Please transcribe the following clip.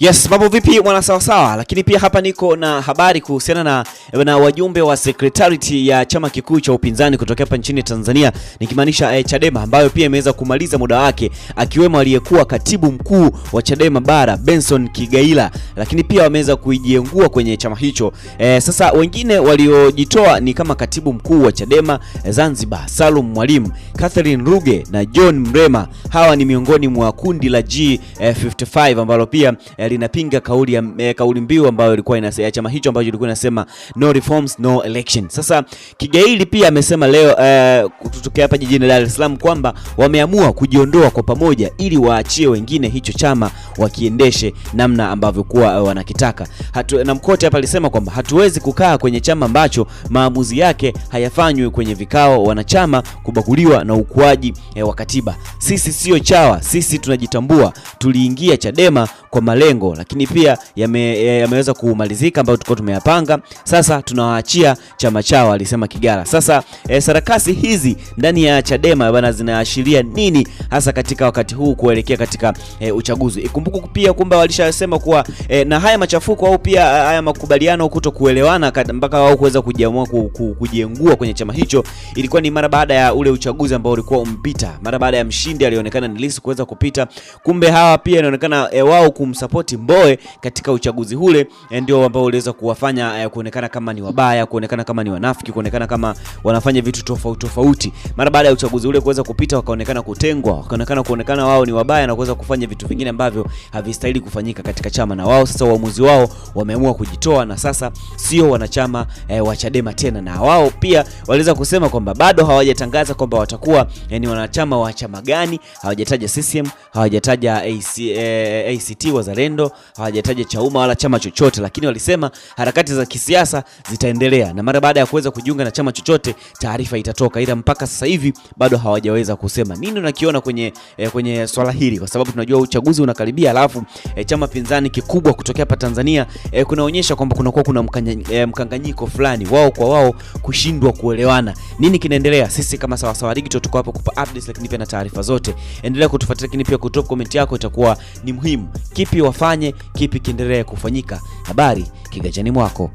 Yes, mambo vipi mwana sawa sawa, lakini pia hapa niko na habari kuhusiana na, na wajumbe wa secretariat ya chama kikuu cha upinzani kutoka hapa nchini Tanzania nikimaanisha eh, Chadema ambayo pia imeweza kumaliza muda wake akiwemo aliyekuwa katibu mkuu wa Chadema bara Benson Kigaila, lakini pia wameweza kuijiengua kwenye chama hicho. Eh, sasa wengine waliojitoa ni kama katibu mkuu wa Chadema eh, Zanzibar Salum Mwalimu, Catherine Ruge na John Mrema. Hawa ni miongoni mwa kundi la G55 eh, ambalo pia eh, linapinga kauli ya eh, kauli mbiu ambayo ilikuwa inasema chama hicho ambacho ilikuwa inasema no reforms no election. Sasa Kigaili pia amesema leo eh, kutokea hapa jijini Dar es Salaam kwamba wameamua kujiondoa kwa pamoja ili waachie wengine hicho chama wakiendeshe namna ambavyo kuwa uh, wanakitaka. Hatu, na Mkote hapa alisema kwamba hatuwezi kukaa kwenye chama ambacho maamuzi yake hayafanywi kwenye vikao wanachama kubaguliwa na ukuaji eh, wa katiba. Sisi sio chawa, sisi tunajitambua. Tuliingia Chadema kwa malengo malengo, lakini pia yame, eh, yameweza kumalizika ambayo tulikuwa tumeyapanga. Sasa tunawaachia chama chao, alisema Kigala. Sasa e, sarakasi hizi ndani ya Chadema bana zinaashiria nini hasa katika wakati huu kuelekea katika e, uchaguzi? Ikumbuke pia kwamba walishasema kuwa e, na haya machafuko au pia haya makubaliano kuto kuelewana mpaka wao kuweza kujiamua ku, ku, kujiengua kwenye chama hicho ilikuwa ni mara baada ya ule uchaguzi ambao ulikuwa umpita, mara baada ya mshindi alionekana ni Lissu kuweza kupita, kumbe hawa pia inaonekana e, wao kumsupport Robert Mboe katika uchaguzi ule eh, ndio ambao uliweza kuwafanya eh, kuonekana kama ni wabaya, kuonekana kama ni wanafiki, kuonekana kama wanafanya vitu tofauti tofauti. Mara baada ya uchaguzi ule kuweza kupita, wakaonekana kutengwa, wakaonekana kuonekana wao ni wabaya na kuweza kufanya vitu vingine ambavyo havistahili kufanyika katika chama, na wao sasa uamuzi wao wameamua kujitoa, na sasa sio wanachama e, wa Chadema tena, na wao pia waliweza kusema kwamba bado hawajatangaza kwamba watakuwa e, ni wanachama wa chama gani. Hawajataja CCM, hawajataja AC, e, ACT Wazalendo kando, hawajataja Chauma wala chama chochote, lakini walisema harakati za kisiasa zitaendelea na mara baada ya kuweza kujiunga na chama chochote taarifa itatoka, ila mpaka sasa hivi bado hawajaweza kusema nini unakiona kwenye, eh, kwenye swala hili, kwa sababu tunajua uchaguzi unakaribia, alafu eh, chama pinzani kikubwa kutokea hapa Tanzania eh, kunaonyesha kwamba kunakuwa kuna, kuna eh, mkanganyiko eh, fulani wao kwa wao kushindwa kuelewana nini kinaendelea. Sisi kama sawa Digital tuko hapo kupa updates, lakini pia na taarifa zote. Endelea kutufuatilia, lakini pia kutoa comment yako itakuwa ni muhimu. Kipi wafaa tufanye, kipi kiendelee kufanyika. Habari kiganjani mwako.